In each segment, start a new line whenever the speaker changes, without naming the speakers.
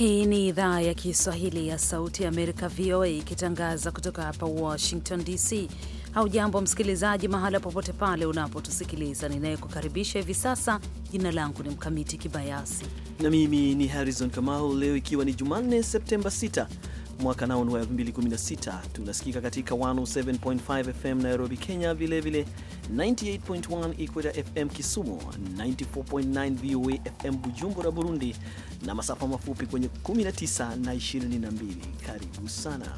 Hii ni idhaa ya Kiswahili ya Sauti ya Amerika, VOA, ikitangaza kutoka hapa Washington DC. Haujambo msikilizaji, mahala popote pale unapotusikiliza. Ninayekukaribisha hivi sasa, jina langu ni Mkamiti Kibayasi
na mimi ni Harrison Kamau. Leo ikiwa ni Jumanne, Septemba 6 mwaka nao ni wa 2016. Tunasikika katika 107.5 FM Nairobi, Kenya, vilevile 98.1 Equator FM Kisumu, 94.9 VOA FM Bujumbura, Burundi, na masafa mafupi kwenye 19 na 22. Karibu sana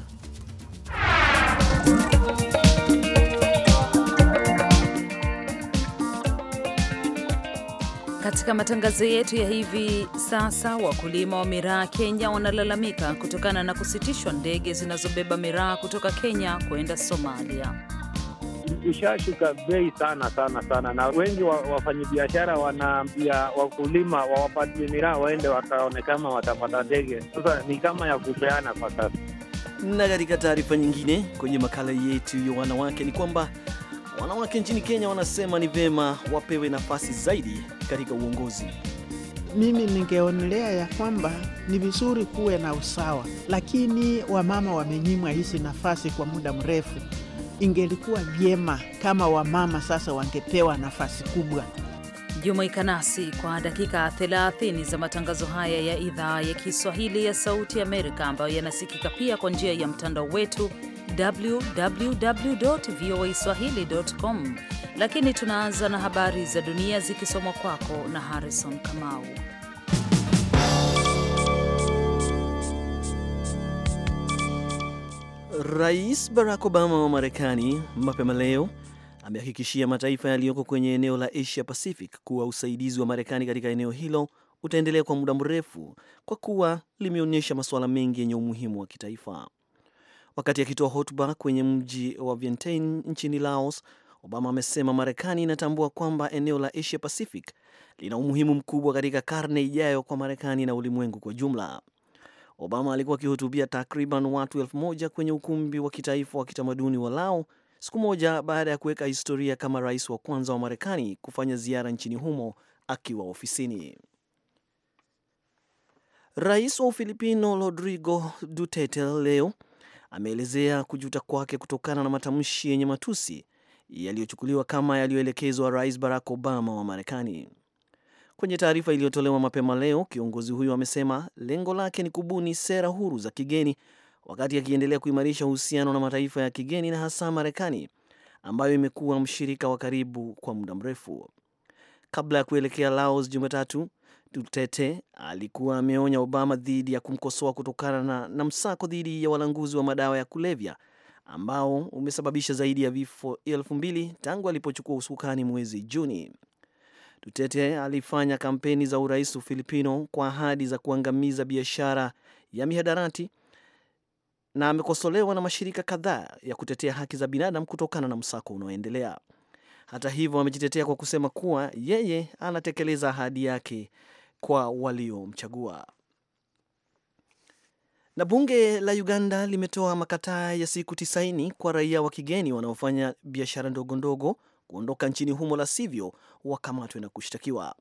Katika matangazo yetu ya hivi sasa, wakulima wa miraa Kenya wanalalamika kutokana na kusitishwa ndege zinazobeba miraa kutoka Kenya kwenda Somalia.
Ishashuka bei sana sana sana, na wengi wa, wafanyabiashara wanaambia wakulima wawapatie miraa waende wakaone kama watapata ndege. Sasa ni kama ya kupeana kwa sasa. Na katika taarifa
nyingine kwenye makala yetu ya wanawake ni kwamba
wanawake nchini Kenya wanasema
ni vyema wapewe nafasi zaidi katika uongozi?
Mimi ningeonelea ya kwamba ni vizuri kuwe na usawa, lakini wamama wamenyimwa hizi nafasi kwa muda mrefu. Ingelikuwa vyema kama wamama sasa wangepewa nafasi kubwa.
Jumuika nasi kwa dakika 30 za matangazo haya ya idhaa ya Kiswahili ya Sauti Amerika, ambayo yanasikika pia kwa njia ya mtandao wetu www voa swahili.com lakini tunaanza na habari za dunia zikisomwa kwako na Harrison Kamau.
Rais Barack Obama wa Marekani mapema leo amehakikishia mataifa yaliyoko kwenye eneo la Asia Pacific kuwa usaidizi wa Marekani katika eneo hilo utaendelea kwa muda mrefu kwa kuwa limeonyesha masuala mengi yenye umuhimu wa kitaifa. Wakati akitoa hotuba kwenye mji wa Vientiane nchini Laos Obama amesema Marekani inatambua kwamba eneo la Asia Pacific lina umuhimu mkubwa katika karne ijayo kwa Marekani na ulimwengu kwa jumla. Obama alikuwa akihutubia takriban watu elfu moja kwenye ukumbi wa kitaifa wa kitamaduni wa Lao siku moja baada ya kuweka historia kama rais wa kwanza wa Marekani kufanya ziara nchini humo akiwa ofisini. Rais wa Ufilipino Rodrigo Duterte leo ameelezea kujuta kwake kutokana na matamshi yenye matusi yaliyochukuliwa kama yaliyoelekezwa Rais Barack Obama wa Marekani. Kwenye taarifa iliyotolewa mapema leo, kiongozi huyo amesema lengo lake ni kubuni sera huru za kigeni, wakati akiendelea kuimarisha uhusiano na mataifa ya kigeni na hasa Marekani ambayo imekuwa mshirika wa karibu kwa muda mrefu. Kabla ya kuelekea Laos Jumatatu, Duterte alikuwa ameonya Obama dhidi ya kumkosoa kutokana na, na msako dhidi ya walanguzi wa madawa ya kulevya ambao umesababisha zaidi ya vifo elfu mbili tangu alipochukua usukani mwezi Juni. Duterte alifanya kampeni za urais Ufilipino kwa ahadi za kuangamiza biashara ya mihadarati na amekosolewa na mashirika kadhaa ya kutetea haki za binadamu kutokana na msako unaoendelea. Hata hivyo, amejitetea kwa kusema kuwa yeye anatekeleza ahadi yake kwa waliomchagua. Na bunge la Uganda limetoa makataa ya siku tisaini kwa raia wa kigeni wanaofanya biashara ndogondogo kuondoka nchini humo, la sivyo wakamatwe na kushtakiwa.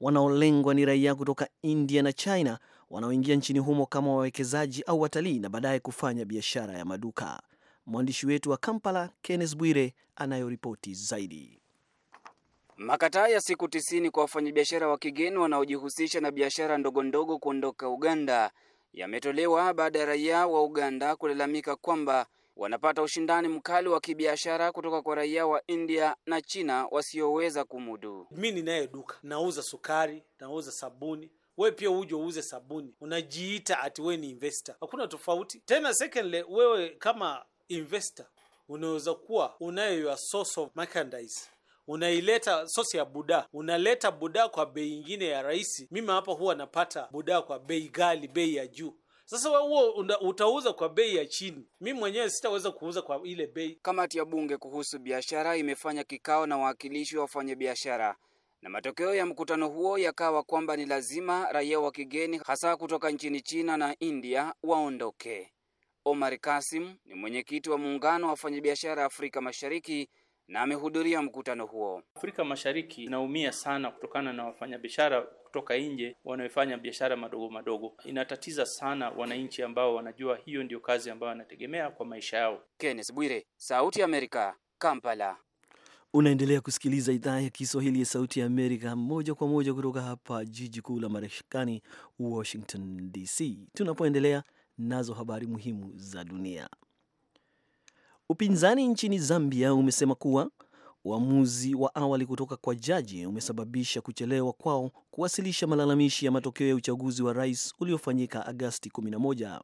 Wanaolengwa ni raia kutoka India na China wanaoingia nchini humo kama wawekezaji au watalii na baadaye kufanya biashara ya maduka. Mwandishi wetu wa Kampala, Kenneth Bwire, anayoripoti zaidi.
Makataa ya siku tisini kwa wafanyabiashara wa kigeni wanaojihusisha na biashara ndogondogo kuondoka Uganda yametolewa baada ya raia wa Uganda kulalamika kwamba wanapata ushindani mkali wa kibiashara kutoka kwa raia wa India na China
wasioweza kumudu. Mimi ninaye duka nauza sukari, nauza sabuni wewe pia uje uuze sabuni, unajiita ati wewe ni investor. Hakuna tofauti tena. Secondly, wewe kama investor unaweza kuwa unayo your source of merchandise unaileta sosi ya buda, unaleta buda kwa bei ingine ya rahisi. Mimi hapa huwa napata buda kwa bei gali bei ya juu. Sasa huo utauza kwa bei ya chini. Mimi
mwenyewe sitaweza kuuza kwa ile bei. Kamati ya bunge kuhusu biashara imefanya kikao na wawakilishi wa wafanyabiashara na matokeo ya mkutano huo yakawa kwamba ni lazima raia wa kigeni hasa kutoka nchini China na India waondoke. Omar Kasim ni mwenyekiti wa muungano wa wafanyabiashara Afrika Mashariki na amehudhuria mkutano huo.
Afrika Mashariki inaumia sana kutokana na wafanyabiashara kutoka nje wanaofanya biashara madogo madogo. Inatatiza sana wananchi ambao wanajua hiyo ndio kazi ambayo wanategemea kwa maisha yao. Kenneth Bwire, Sauti ya Amerika, Kampala.
Unaendelea kusikiliza idhaa ya Kiswahili ya Sauti ya Amerika moja kwa moja kutoka hapa jiji kuu la Marekani, Washington DC, tunapoendelea nazo habari muhimu za dunia. Upinzani nchini Zambia umesema kuwa uamuzi wa awali kutoka kwa jaji umesababisha kuchelewa kwao kuwasilisha malalamishi ya matokeo ya uchaguzi wa rais uliofanyika Agasti 11.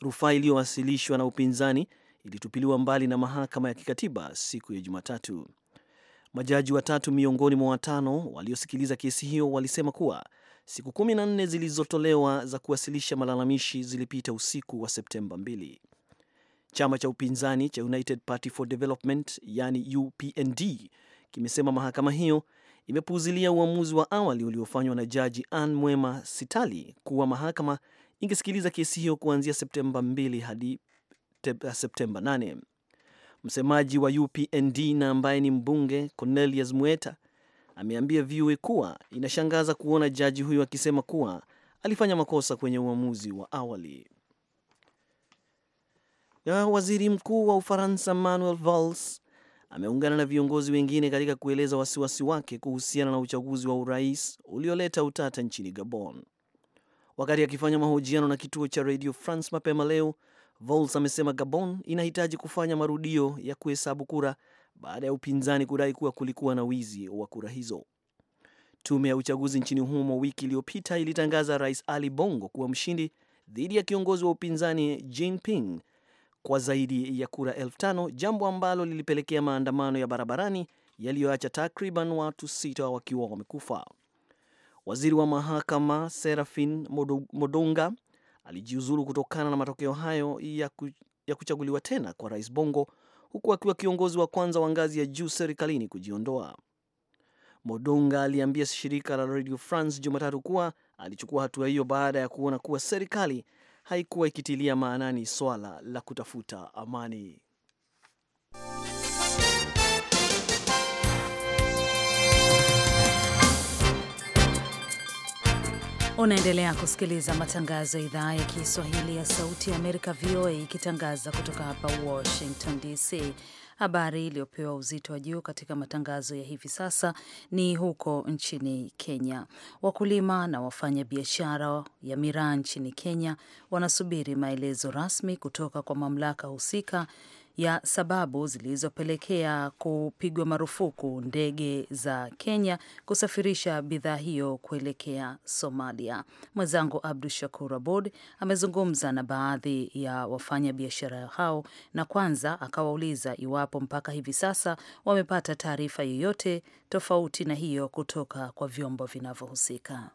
Rufaa iliyowasilishwa na upinzani ilitupiliwa mbali na mahakama ya kikatiba siku ya Jumatatu. Majaji watatu miongoni mwa watano waliosikiliza kesi hiyo walisema kuwa siku 14 zilizotolewa za kuwasilisha malalamishi zilipita usiku wa Septemba 2. Chama cha upinzani cha United Party for Development yani UPND kimesema mahakama hiyo imepuuzilia uamuzi wa awali uliofanywa na Jaji Ann Mwema Sitali kuwa mahakama ingesikiliza kesi hiyo kuanzia Septemba 2 hadi eh, Septemba 8. Msemaji wa UPND na ambaye ni mbunge Cornelius Mweta ameambia VOA kuwa inashangaza kuona jaji huyo akisema kuwa alifanya makosa kwenye uamuzi wa awali waziri mkuu wa Ufaransa Manuel Valls ameungana na viongozi wengine katika kueleza wasiwasi wake kuhusiana na uchaguzi wa urais ulioleta utata nchini Gabon. Wakati akifanya mahojiano na kituo cha Radio France mapema leo, Valls amesema Gabon inahitaji kufanya marudio ya kuhesabu kura baada ya upinzani kudai kuwa kulikuwa na wizi wa kura hizo. Tume ya uchaguzi nchini humo wiki iliyopita ilitangaza Rais Ali Bongo kuwa mshindi dhidi ya kiongozi wa upinzani Jean Ping kwa zaidi ya kura elfu tano jambo ambalo lilipelekea maandamano ya barabarani yaliyoacha takriban watu sita wakiwa wamekufa. Waziri wa mahakama Serafin Modonga alijiuzulu kutokana na matokeo hayo ya kuchaguliwa tena kwa rais Bongo, huku akiwa kiongozi wa kwanza wa ngazi ya juu serikalini kujiondoa. Modonga aliambia shirika la Radio France Jumatatu kuwa alichukua hatua hiyo baada ya kuona kuwa serikali haikuwa ikitilia maanani swala la kutafuta amani.
Unaendelea kusikiliza matangazo ya idhaa ya Kiswahili ya Sauti ya Amerika, VOA, ikitangaza kutoka hapa Washington DC. Habari iliyopewa uzito wa juu katika matangazo ya hivi sasa ni huko nchini Kenya. Wakulima na wafanya biashara ya miraa nchini Kenya wanasubiri maelezo rasmi kutoka kwa mamlaka husika ya sababu zilizopelekea kupigwa marufuku ndege za Kenya kusafirisha bidhaa hiyo kuelekea Somalia. Mwenzangu Abdu Shakur Abud amezungumza na baadhi ya wafanyabiashara hao, na kwanza akawauliza iwapo mpaka hivi sasa wamepata taarifa yoyote tofauti na hiyo kutoka kwa vyombo vinavyohusika.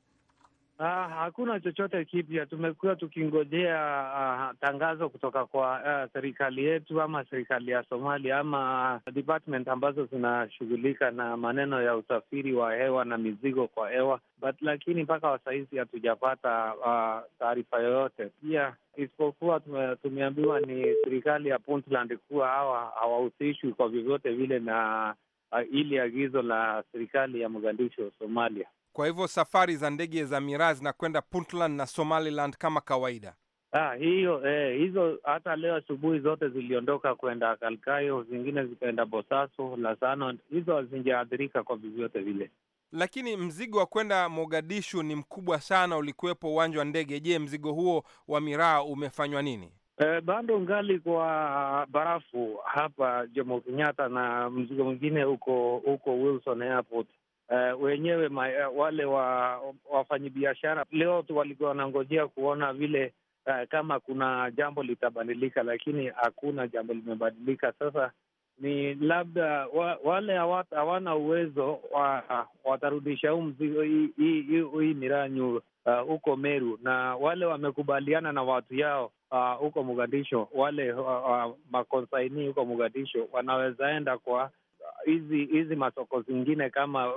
Ah, hakuna chochote kipya. Tumekuwa tukingojea ah, tangazo kutoka kwa ah, serikali yetu ama serikali ya Somalia ama department ambazo zinashughulika na maneno ya usafiri wa hewa na mizigo kwa hewa, but lakini mpaka wasaizi hatujapata ah, taarifa yoyote pia isipokuwa tumeambiwa ni serikali ya Puntland kuwa hawa hawahusishwi kwa vyovyote vile na uh, ili agizo la serikali ya Mogadishu Somalia.
Kwa hivyo safari za ndege za miraa zinakwenda Puntland na Somaliland kama kawaida. Ah, hiyo eh,
hizo hata leo asubuhi zote ziliondoka kwenda Kalkayo, zingine zikaenda Bosaso, Lasano. Hizo hazingeathirika kwa vyovyote vile,
lakini mzigo wa kwenda Mogadishu ni mkubwa sana, ulikuwepo uwanja wa ndege. Je, mzigo huo wa miraa umefanywa nini? Eh, bado ngali
kwa barafu hapa Jomo Kenyatta na mzigo mwingine huko uko Wilson Airport uh, wenyewe ma, uh, wale wa wafanyabiashara leo tu walikuwa wanangojea kuona vile uh, kama kuna jambo litabadilika, lakini hakuna jambo limebadilika. Sasa ni labda wa, wale hawana uwezo wa, uh, watarudisha huu mzigo hii miranyu huko uh, Meru na wale wamekubaliana na watu yao huko uh, Mogadisho, wale uh, uh, makonsaini huko Mogadisho wanawezaenda kwa hizi hizi masoko zingine kama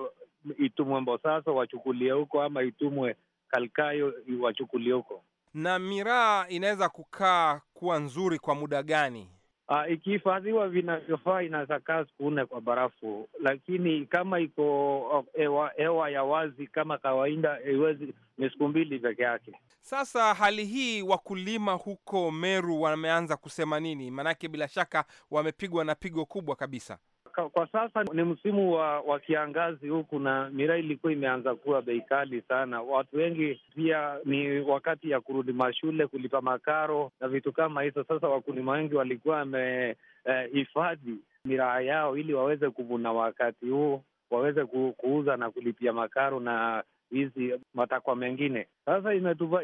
itumwe Mbosaso wachukulie huko, ama itumwe Kalkayo iwachukulie huko.
Na miraa inaweza kukaa kuwa nzuri kwa muda gani? Uh, ikihifadhiwa vinavyofaa inaweza kaa siku nne kwa barafu, lakini
kama iko eh, hewa, hewa ya wazi kama kawaida iwezi ni siku mbili peke yake.
Sasa hali hii, wakulima huko Meru wameanza kusema nini? Maanake bila shaka wamepigwa na pigo kubwa kabisa.
Kwa, kwa sasa ni msimu wa, wa kiangazi huku na miraa ilikuwa imeanza kuwa bei kali sana. Watu wengi pia ni wakati ya kurudi mashule kulipa makaro na vitu kama hizo. Sasa wakulima wengi walikuwa wamehifadhi eh, miraa yao ili waweze kuvuna wakati huu waweze kuuza na kulipia makaro na hizi matakwa mengine. Sasa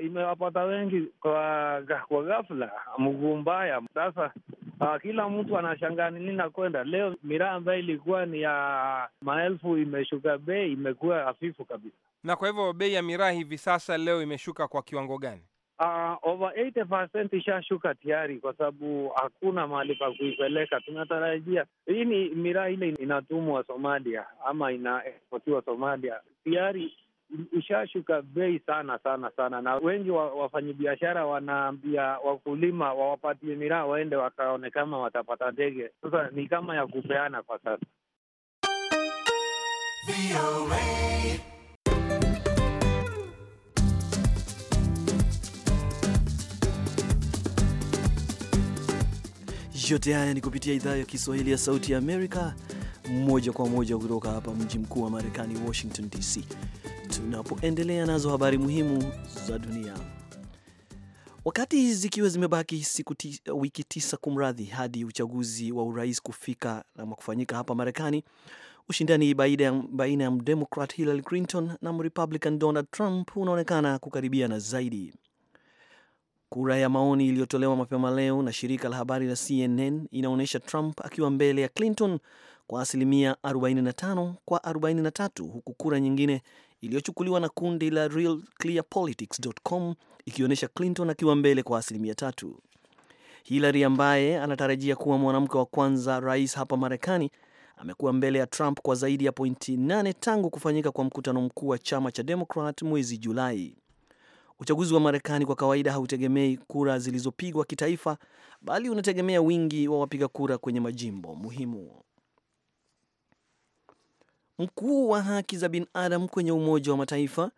imewapata ime wengi kwa, kwa ghafla, mguu mbaya sasa Uh, kila mtu anashangaa ni nini nakwenda leo. Miraa ambayo ilikuwa ni ya
maelfu imeshuka bei, imekuwa hafifu kabisa. Na kwa hivyo bei ya miraa hivi sasa leo imeshuka kwa kiwango gani? Uh, over 80% ishashuka tayari, kwa sababu
hakuna mahali pa kuipeleka. Tunatarajia hii ni miraa ile inatumwa Somalia ama inaexportiwa Somalia, tayari ushashuka bei sana sana sana, na wengi wa, wafanyabiashara wanaambia wakulima wawapatie miraa waende wakaone kama watapata ndege. Sasa ni kama ya kupeana kwa sasa.
Yote haya ni kupitia idhaa ya Kiswahili ya Sauti ya Amerika, moja kwa moja kutoka hapa mji mkuu wa Marekani, Washington DC tunapoendelea nazo habari muhimu za dunia. Wakati zikiwa zimebaki siku ti, wiki tisa kumradhi, hadi uchaguzi wa urais kufika ama kufanyika hapa Marekani, ushindani baina ya mdemokrat Hillary Clinton na mrepublican Donald Trump unaonekana kukaribiana zaidi. Kura ya maoni iliyotolewa mapema leo na shirika la habari la CNN inaonyesha Trump akiwa mbele ya Clinton kwa asilimia 45 kwa 43, huku kura nyingine iliyochukuliwa na kundi la RealClearPolitics.com ikionyesha Clinton akiwa mbele kwa asilimia tatu. Hillary ambaye anatarajia kuwa mwanamke wa kwanza rais hapa Marekani amekuwa mbele ya Trump kwa zaidi ya pointi nane tangu kufanyika kwa mkutano mkuu wa chama cha Demokrat mwezi Julai. Uchaguzi wa Marekani kwa kawaida hautegemei kura zilizopigwa kitaifa, bali unategemea wingi wa wapiga kura kwenye majimbo muhimu. Mkuu wa haki za binadamu kwenye Umoja wa Mataifa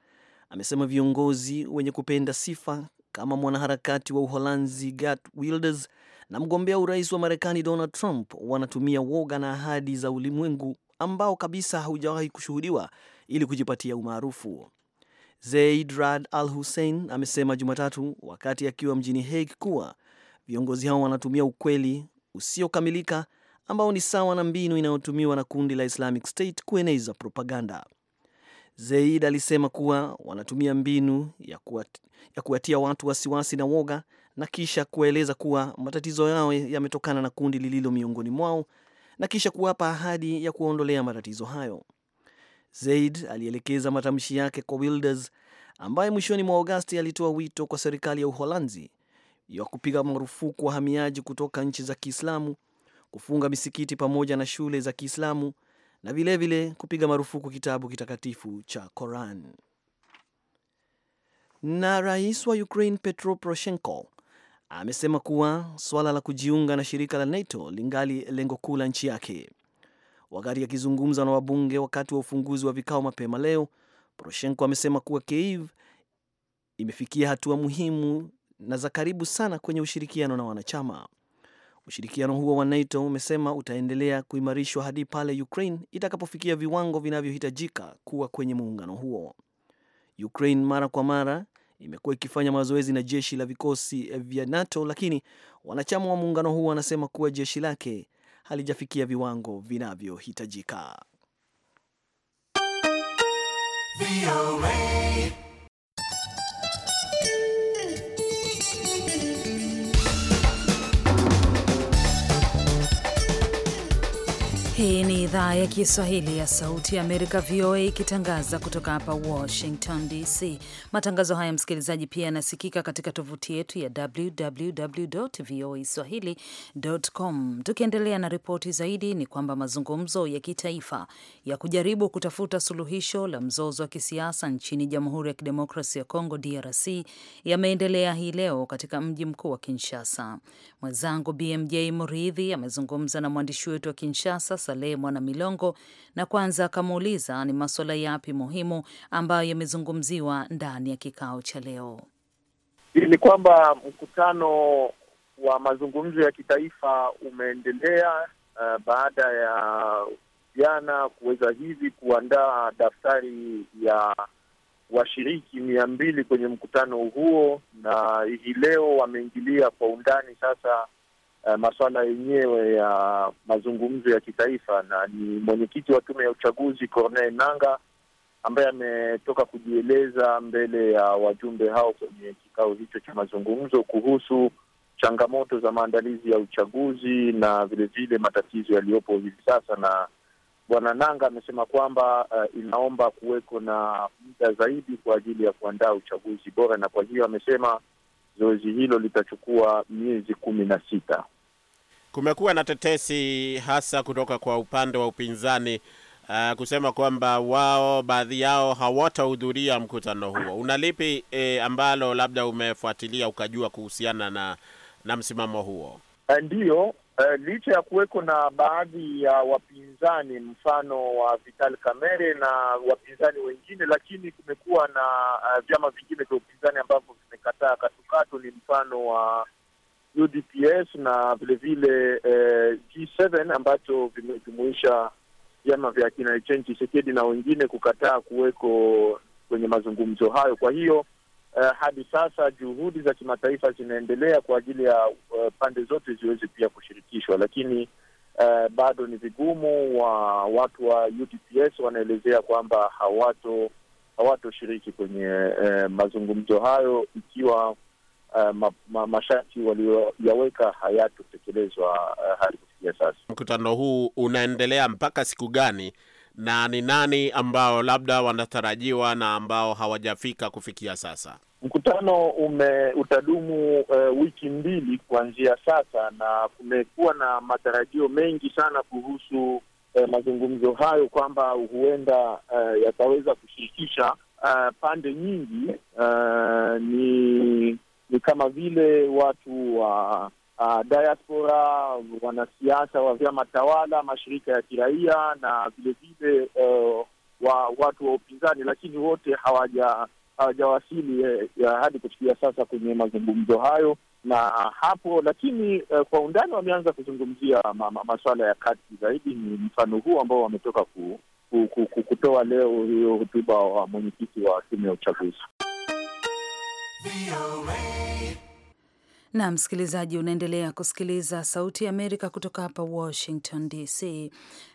amesema viongozi wenye kupenda sifa kama mwanaharakati wa Uholanzi Geert Wilders na mgombea urais wa Marekani Donald Trump wanatumia woga na ahadi za ulimwengu ambao kabisa haujawahi kushuhudiwa ili kujipatia umaarufu. Zeid Rad Al Hussein amesema Jumatatu wakati akiwa mjini Hague kuwa viongozi hao wanatumia ukweli usiokamilika ambao ni sawa na mbinu inayotumiwa na kundi la Islamic State kueneza propaganda. Zeid alisema kuwa wanatumia mbinu ya, kuat, ya kuatia watu wasiwasi na woga na kisha kuwaeleza kuwa matatizo yao yametokana na kundi lililo miongoni mwao na kisha kuwapa ahadi ya kuwaondolea matatizo hayo. Zeid alielekeza matamshi yake kwa Wilders ambaye mwishoni mwa Agosti alitoa wito kwa serikali ya Uholanzi ya kupiga marufuku wahamiaji kutoka nchi za Kiislamu kufunga misikiti pamoja na shule za Kiislamu na vilevile kupiga marufuku kitabu kitakatifu cha Koran. Na rais wa Ukraine Petro Poroshenko amesema kuwa suala la kujiunga na shirika la NATO lingali lengo kuu la nchi yake. Wakati akizungumza na wabunge wakati wa ufunguzi wa vikao mapema leo, Poroshenko amesema kuwa Kiev imefikia hatua muhimu na za karibu sana kwenye ushirikiano na wanachama. Ushirikiano huo wa NATO umesema utaendelea kuimarishwa hadi pale Ukraine itakapofikia viwango vinavyohitajika kuwa kwenye muungano huo. Ukraine mara kwa mara imekuwa ikifanya mazoezi na jeshi la vikosi vya NATO, lakini wanachama wa muungano huo wanasema kuwa jeshi lake halijafikia viwango vinavyohitajika.
Idhaa ya Kiswahili ya Sauti ya Amerika, VOA, ikitangaza kutoka hapa Washington DC. Matangazo haya, msikilizaji, pia yanasikika katika tovuti yetu ya www voa swahili.com. Tukiendelea na ripoti zaidi, ni kwamba mazungumzo ya kitaifa ya kujaribu kutafuta suluhisho la mzozo wa kisiasa nchini Jamhuri ya Kidemokrasi ya Congo, DRC, yameendelea hii leo katika mji mkuu wa Kinshasa. Mwenzangu BMJ Muridhi amezungumza na mwandishi wetu wa Kinshasa, Saleh Mwana Milongo na kwanza akamuuliza ni masuala yapi muhimu ambayo yamezungumziwa ndani ya kikao cha leo.
Ni kwamba mkutano wa mazungumzo ya kitaifa umeendelea uh, baada ya jana kuweza hivi kuandaa daftari ya washiriki mia mbili kwenye mkutano huo, na hii leo wameingilia kwa undani sasa uh, eh, masuala yenyewe ya mazungumzo ya kitaifa, na ni mwenyekiti wa tume ya uchaguzi Corneille Nanga ambaye ametoka kujieleza mbele ya wajumbe hao kwenye kikao hicho cha mazungumzo kuhusu changamoto za maandalizi ya uchaguzi na vilevile matatizo yaliyopo hivi sasa. Na bwana Nanga amesema kwamba uh, inaomba kuweko na muda zaidi kwa ajili ya kuandaa uchaguzi bora, na kwa hiyo amesema zoezi hilo litachukua miezi kumi na sita
kumekuwa na tetesi hasa kutoka kwa upande wa upinzani uh, kusema kwamba wao baadhi yao hawatahudhuria mkutano huo. lipi e, ambalo labda umefuatilia ukajua kuhusiana na na msimamo huo?
E, Ndiyo. Uh, e, licha ya kuweko na baadhi ya uh, wapinzani mfano wa Vital Kamerhe na wapinzani wengine, lakini kumekuwa na uh, vyama vingine vya upinzani ambavyo vimekataa katukatu. Ni mfano wa uh, UDPS na vilevile eh, G7 ambacho vimejumuisha vyama vya kina Tshisekedi na wengine kukataa kuweko kwenye mazungumzo hayo. Kwa hiyo eh, hadi sasa juhudi za kimataifa zinaendelea kwa ajili ya uh, pande zote ziweze pia kushirikishwa, lakini eh, bado ni vigumu. Wa watu wa UDPS wanaelezea kwamba hawato hawatoshiriki kwenye eh, mazungumzo hayo ikiwa Uh, ma, masharti walioyaweka hayatotekelezwa uh, hadi kufikia sasa.
Mkutano huu unaendelea mpaka siku gani na ni nani ambao labda wanatarajiwa na ambao hawajafika kufikia sasa?
Mkutano ume, utadumu uh, wiki mbili kuanzia sasa, na kumekuwa na matarajio mengi sana kuhusu uh, mazungumzo hayo kwamba huenda uh, yataweza kushirikisha uh, pande nyingi. Uh, ni ni kama vile watu wa uh, diaspora, wanasiasa wa vyama tawala, mashirika ya kiraia na vilevile uh, eh, wa watu wa upinzani, lakini wote hawaja hawajawasili eh, hadi kufikia sasa kwenye mazungumzo hayo na hapo lakini, uh, kwa undani wameanza kuzungumzia ma, ma, masuala ya kati zaidi. Ni mfano huu ambao wametoka ku, ku, ku, kutoa leo hiyo hotuba wa mwenyekiti wa tume ya uchaguzi.
VOA. Na msikilizaji, unaendelea kusikiliza Sauti ya Amerika kutoka hapa Washington DC.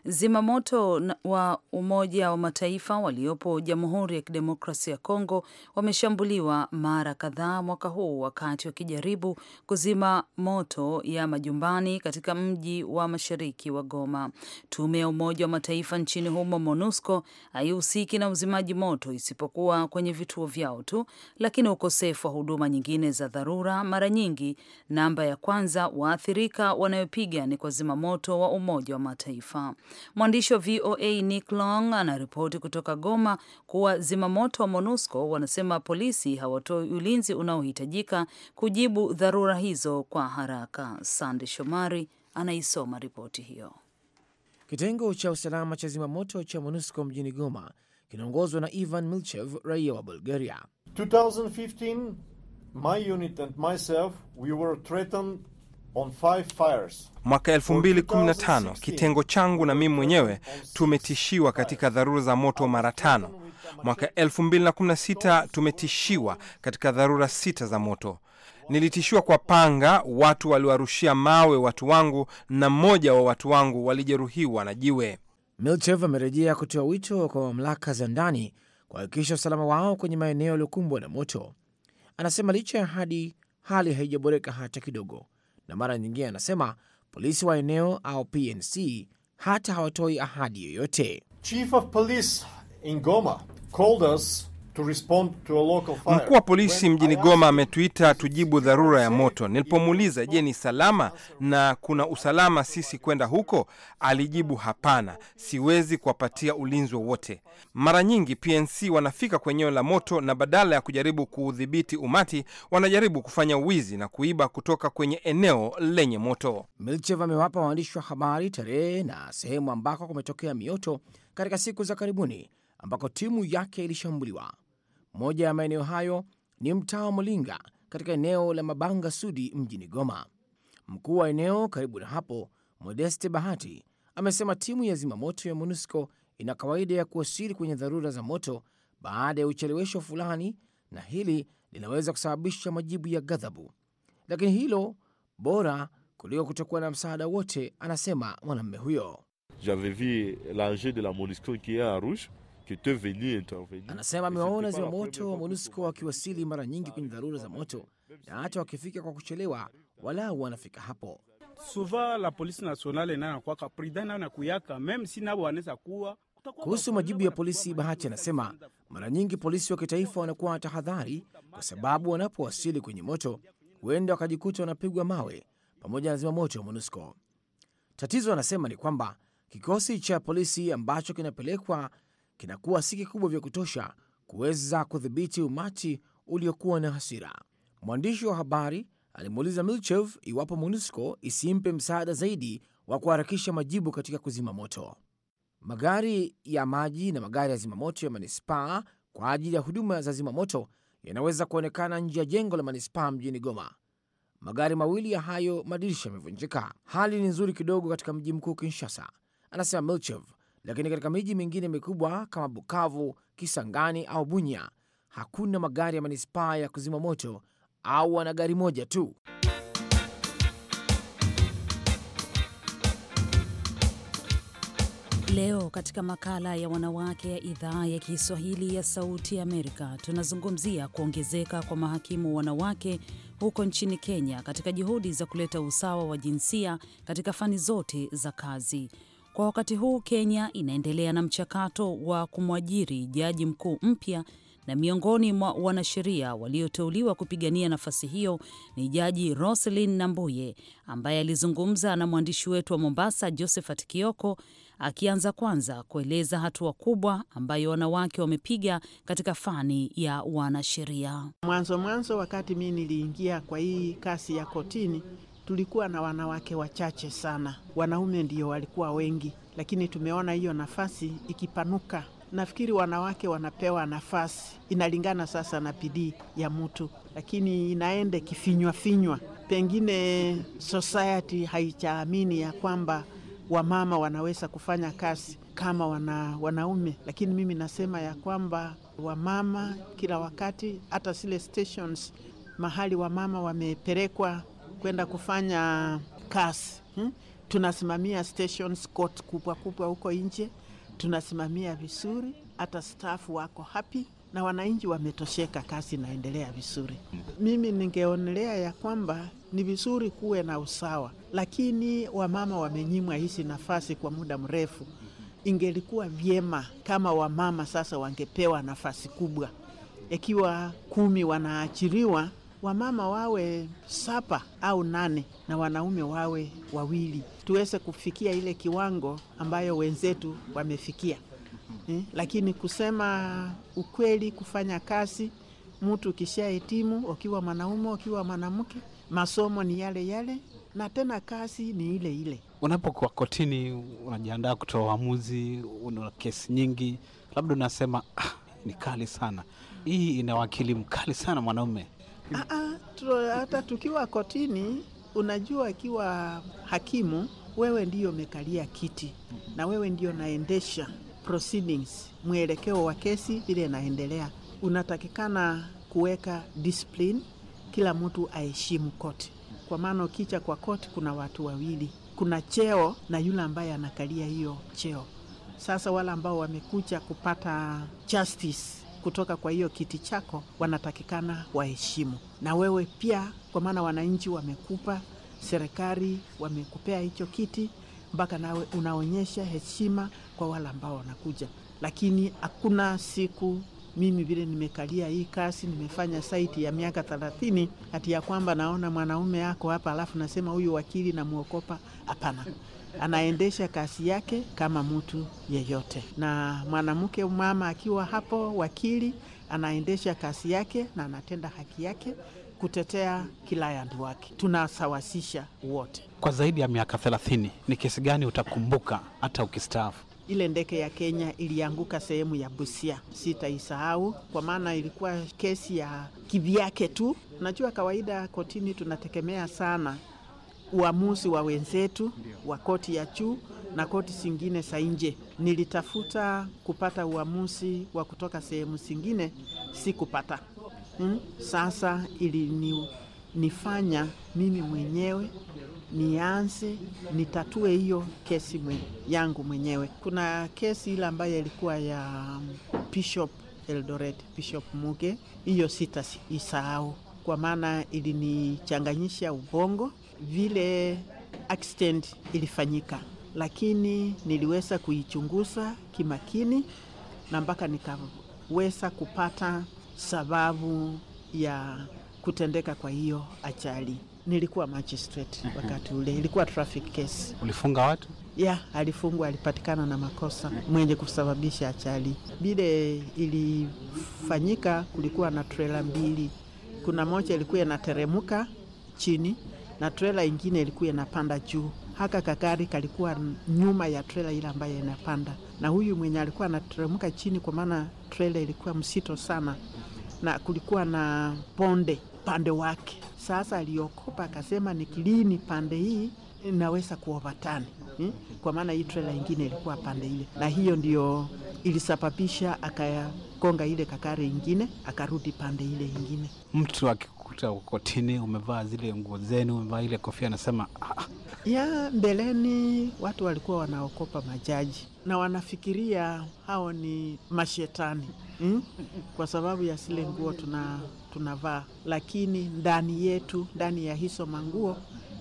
Zimamoto wa Umoja wa Mataifa waliopo Jamhuri ya Kidemokrasia ya Kongo wameshambuliwa mara kadhaa mwaka huu wakati wakijaribu kuzima moto ya majumbani katika mji wa mashariki wa Goma. Tume ya Umoja wa Mataifa nchini humo MONUSCO haihusiki na uzimaji moto isipokuwa kwenye vituo vyao tu, lakini ukosefu wa huduma nyingine za dharura mara nyingi Namba ya kwanza waathirika wanayopiga ni kwa zimamoto wa Umoja wa Mataifa. Mwandishi wa VOA Nick Long anaripoti kutoka Goma kuwa zimamoto wa MONUSCO wanasema polisi hawatoi ulinzi unaohitajika kujibu dharura hizo kwa haraka. Sande Shomari anaisoma ripoti hiyo.
Kitengo cha usalama cha zimamoto cha MONUSCO mjini Goma kinaongozwa na Ivan Milchev, raia wa Bulgaria.
My unit and myself, we were threatened on five fires.
Mwaka 2015 kitengo changu na mimi mwenyewe tumetishiwa katika dharura za moto mara tano. Mwaka 2016 tumetishiwa katika dharura sita za moto. Nilitishiwa kwa panga, watu waliwarushia mawe watu wangu, na mmoja wa watu wangu walijeruhiwa na jiwe. Milchev amerejea kutoa wito
kwa mamlaka za ndani kuhakikisha usalama wao kwenye maeneo yaliyokumbwa na moto Anasema licha ya hadi hali haijaboreka hata kidogo, na mara nyingine anasema polisi wa eneo au PNC hata hawatoi ahadi yoyote. Chief of
police in Goma called us
Mkuu wa polisi mjini Goma ametuita tujibu dharura ya moto. Nilipomuuliza, je, ni salama na kuna usalama sisi kwenda huko? Alijibu, hapana, siwezi kuwapatia ulinzi wowote. Mara nyingi PNC wanafika kwenye eneo la moto na badala ya kujaribu kuudhibiti umati wanajaribu kufanya uwizi na kuiba kutoka kwenye eneo lenye moto. Milchev
amewapa waandishi wa habari tarehe na sehemu ambako kumetokea mioto katika siku za karibuni ambako timu yake ilishambuliwa. Moja ya maeneo hayo ni mtaa wa Molinga katika eneo la Mabanga Sudi mjini Goma. Mkuu wa eneo karibu na hapo, Modeste Bahati, amesema timu ya zimamoto ya MONUSCO ina kawaida ya kuwasili kwenye dharura za moto baada ya uchelewesho fulani, na hili linaweza kusababisha majibu ya ghadhabu, lakini hilo bora kuliko kutokuwa na msaada wote, anasema mwanamume
huyo. J'avais vu l'enjeu de la MONUSCO qui est rouge Anasema amewaona zima
moto wa MONUSCO wakiwasili mara nyingi kwenye dharura za moto, na hata wakifika kwa kuchelewa, walau wanafika hapo. la na
kuyaka meme si wanaweza kuwa kuhusu
majibu ya polisi Bahati anasema mara nyingi polisi wa kitaifa wanakuwa na tahadhari, kwa sababu wanapowasili kwenye moto huenda wakajikuta wanapigwa mawe pamoja na zima moto wa MONUSCO. Tatizo anasema ni kwamba kikosi cha polisi ambacho kinapelekwa kinakuwa si kikubwa vya kutosha kuweza kudhibiti umati uliokuwa na hasira. Mwandishi wa habari alimuuliza Milchev iwapo MONUSCO isimpe msaada zaidi wa kuharakisha majibu katika kuzima moto. Magari ya maji na magari ya zimamoto ya manispaa kwa ajili ya huduma za zimamoto yanaweza kuonekana nje ya jengo la manispaa mjini Goma. Magari mawili ya hayo madirisha yamevunjika. Hali ni nzuri kidogo katika mji mkuu Kinshasa, anasema Milchev lakini katika miji mingine mikubwa kama Bukavu, Kisangani au Bunya hakuna magari ya manispaa ya kuzima moto au wana gari moja tu.
Leo katika makala ya wanawake ya idhaa ya Kiswahili ya Sauti Amerika tunazungumzia kuongezeka kwa mahakimu wanawake huko nchini Kenya katika juhudi za kuleta usawa wa jinsia katika fani zote za kazi. Kwa wakati huu Kenya inaendelea na mchakato wa kumwajiri jaji mkuu mpya na miongoni mwa wanasheria walioteuliwa kupigania nafasi hiyo ni Jaji Roselin Nambuye ambaye alizungumza na mwandishi wetu wa Mombasa Josephat Kioko, akianza kwanza kueleza hatua kubwa ambayo wanawake wamepiga katika fani ya wanasheria. Mwanzo mwanzo,
wakati mi niliingia kwa hii kasi ya kotini, tulikuwa na wanawake wachache sana, wanaume ndio walikuwa wengi, lakini tumeona hiyo nafasi ikipanuka. Nafikiri wanawake wanapewa nafasi, inalingana sasa na bidii ya mtu, lakini inaende kifinywa finywa. Pengine society haichaamini ya kwamba wamama wanaweza kufanya kazi kama wana, wanaume, lakini mimi nasema ya kwamba wamama kila wakati, hata zile stations mahali wamama wamepelekwa kwenda kufanya kazi hmm? Tunasimamia stations court kubwa kubwa huko nje, tunasimamia vizuri, hata staff wako hapi na wananchi wametosheka, kazi inaendelea vizuri. Mimi ningeonelea ya kwamba ni vizuri kuwe na usawa, lakini wamama wamenyimwa hizi nafasi kwa muda mrefu. Ingelikuwa vyema kama wamama sasa wangepewa nafasi kubwa, ikiwa kumi wanaachiriwa wamama wawe saba au nane na wanaume wawe wawili, tuweze kufikia ile kiwango ambayo wenzetu wamefikia. Eh, lakini kusema ukweli, kufanya kazi, mtu ukisha hetimu ukiwa mwanaume, ukiwa mwanamke, masomo ni yale yale na tena kazi ni ile ile.
Unapokuwa kotini, unajiandaa kutoa uamuzi, una kesi nyingi,
labda unasema ah, ni kali sana hii, ina wakili mkali sana mwanaume, Ah, ah, hata tukiwa kotini, unajua, akiwa hakimu wewe ndio umekalia kiti na wewe ndio naendesha proceedings, mwelekeo wa kesi vile inaendelea. Unatakikana kuweka discipline, kila mtu aheshimu koti, kwa maana ukicha kwa koti kuna watu wawili, kuna cheo na yule ambaye anakalia hiyo cheo. Sasa wale ambao wamekucha kupata justice kutoka kwa hiyo kiti chako wanatakikana waheshimu, na wewe pia, kwa maana wananchi wamekupa, serikali wamekupea hicho kiti, mpaka nawe unaonyesha heshima kwa wale ambao wanakuja. Lakini hakuna siku mimi vile nimekalia hii kazi, nimefanya saiti ya miaka thelathini, hati ya kwamba naona mwanaume yako hapa alafu nasema huyu wakili namwokopa. Hapana anaendesha kazi yake kama mtu yeyote, na mwanamke mama akiwa hapo, wakili anaendesha kazi yake na anatenda haki yake kutetea client wake. Tunasawasisha wote. Kwa zaidi ya miaka thelathini ni kesi gani utakumbuka hata ukistaafu? Ile ndeke ya Kenya ilianguka sehemu ya Busia, sitaisahau kwa maana ilikuwa kesi ya kivyake tu. Najua kawaida kotini tunategemea sana uamuzi wa wenzetu wa koti ya juu na koti zingine za nje. Nilitafuta kupata uamuzi wa kutoka sehemu zingine, sikupata. Hmm? Sasa ilinifanya mimi mwenyewe nianze nitatue hiyo kesi mwe, yangu mwenyewe. Kuna kesi ile ambayo ilikuwa ya Bishop Eldoret, Bishop Muge, hiyo sitaisahau kwa maana ilinichanganyisha ubongo vile accident ilifanyika, lakini niliweza kuichunguza kimakini na mpaka nikaweza kupata sababu ya kutendeka kwa hiyo ajali. Nilikuwa magistrate mhm. wakati ule, ilikuwa traffic case. Ulifunga watu? Yeah, alifungwa, alipatikana na makosa mhm. mwenye kusababisha ajali. Bile ilifanyika, kulikuwa na trela mbili, kuna moja ilikuwa inateremka chini na trela ingine ilikuwa inapanda juu. Haka kagari kalikuwa nyuma ya trela ile ambayo inapanda, na huyu mwenye alikuwa anateremka chini, kwa maana trela ilikuwa msito sana na kulikuwa na ponde pande wake. Sasa aliokopa akasema, ni kilini pande hii naweza kuovatani hmm? Kwa maana hii trela ingine ilikuwa pande ile, na hiyo ndio ilisababisha akagonga ile kakari ingine, akarudi pande ile ingine.
Mtu unakuta ukotini umevaa zile nguo zenu, umevaa ile kofia, anasema ah, ah.
Ya mbeleni watu walikuwa wanaokopa majaji na wanafikiria hao ni mashetani hmm? kwa sababu ya zile nguo tuna tunavaa, lakini ndani yetu, ndani ya hizo manguo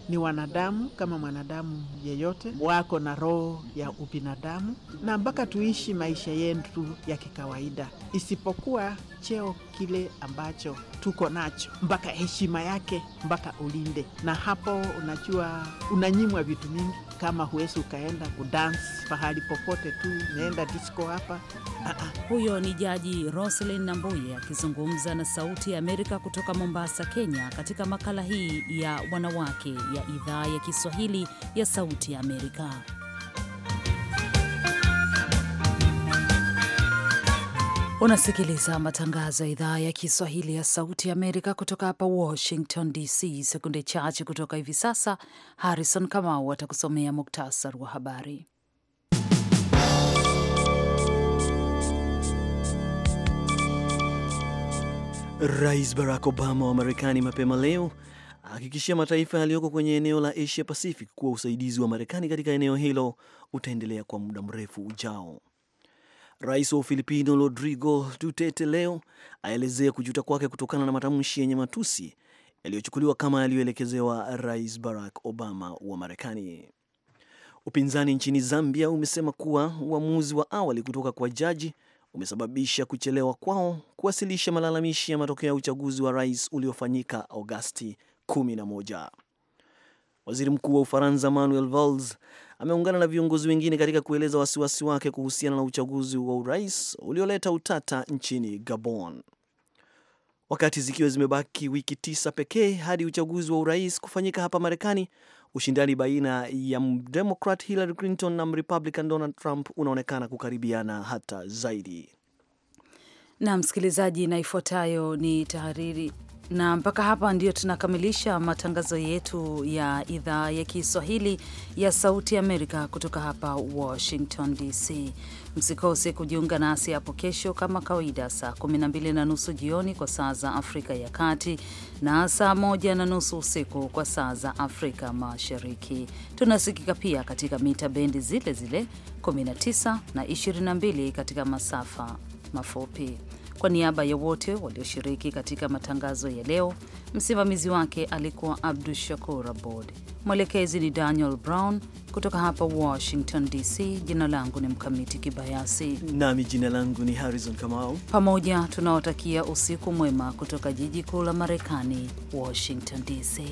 ni wanadamu kama mwanadamu yeyote, wako na roho ya ubinadamu, na mpaka tuishi maisha yetu ya kikawaida, isipokuwa cheo kile ambacho tuko nacho, mpaka heshima yake, mpaka ulinde. Na hapo unajua unanyimwa vitu mingi,
kama huwezi ukaenda kudans pahali popote tu, naenda disco hapa. Ah, ah. Huyo ni Jaji roslin Nambuye akizungumza na Sauti ya Amerika kutoka Mombasa, Kenya, katika makala hii ya wanawake ya idhaa ya Kiswahili ya Sauti ya Amerika. Unasikiliza matangazo ya idhaa ya Kiswahili ya Sauti ya Amerika kutoka hapa Washington DC. Sekunde chache kutoka hivi sasa, Harrison Kamau atakusomea muktasar wa habari.
Rais Barack Obama wa Marekani mapema leo ahakikishia mataifa yaliyoko kwenye eneo la Asia Pacific kuwa usaidizi wa Marekani katika eneo hilo utaendelea kwa muda mrefu ujao. Rais wa Ufilipino Rodrigo Duterte leo aelezea kujuta kwake kutokana na matamshi yenye matusi yaliyochukuliwa kama yaliyoelekezewa Rais Barack Obama wa Marekani. Upinzani nchini Zambia umesema kuwa uamuzi wa awali kutoka kwa jaji umesababisha kuchelewa kwao kuwasilisha malalamishi ya matokeo ya uchaguzi wa rais uliofanyika Agosti 11. Waziri Mkuu wa Ufaransa Manuel Valls ameungana na viongozi wengine katika kueleza wasiwasi wake kuhusiana na uchaguzi wa urais ulioleta utata nchini Gabon. Wakati zikiwa zimebaki wiki tisa pekee hadi uchaguzi wa urais kufanyika hapa Marekani, ushindani baina ya Democrat Hillary Clinton na Republican Donald Trump unaonekana kukaribiana hata zaidi.
Na msikilizaji, na ifuatayo ni tahariri na mpaka hapa ndio tunakamilisha matangazo yetu ya idhaa ya Kiswahili ya Sauti Amerika kutoka hapa Washington DC. Msikose kujiunga nasi hapo kesho kama kawaida, saa 12 na nusu jioni kwa saa za Afrika ya Kati na saa moja na nusu usiku kwa saa za Afrika Mashariki. Tunasikika pia katika mita bendi zile zile 19 na 22 katika masafa mafupi. Kwa niaba ya wote walioshiriki katika matangazo ya leo, msimamizi wake alikuwa Abdu Shakur Abod, mwelekezi ni Daniel Brown. Kutoka hapa Washington DC, jina langu ni Mkamiti Kibayasi nami jina langu ni Harrison Kamau. Pamoja tunawatakia usiku mwema kutoka jiji kuu la Marekani, Washington DC.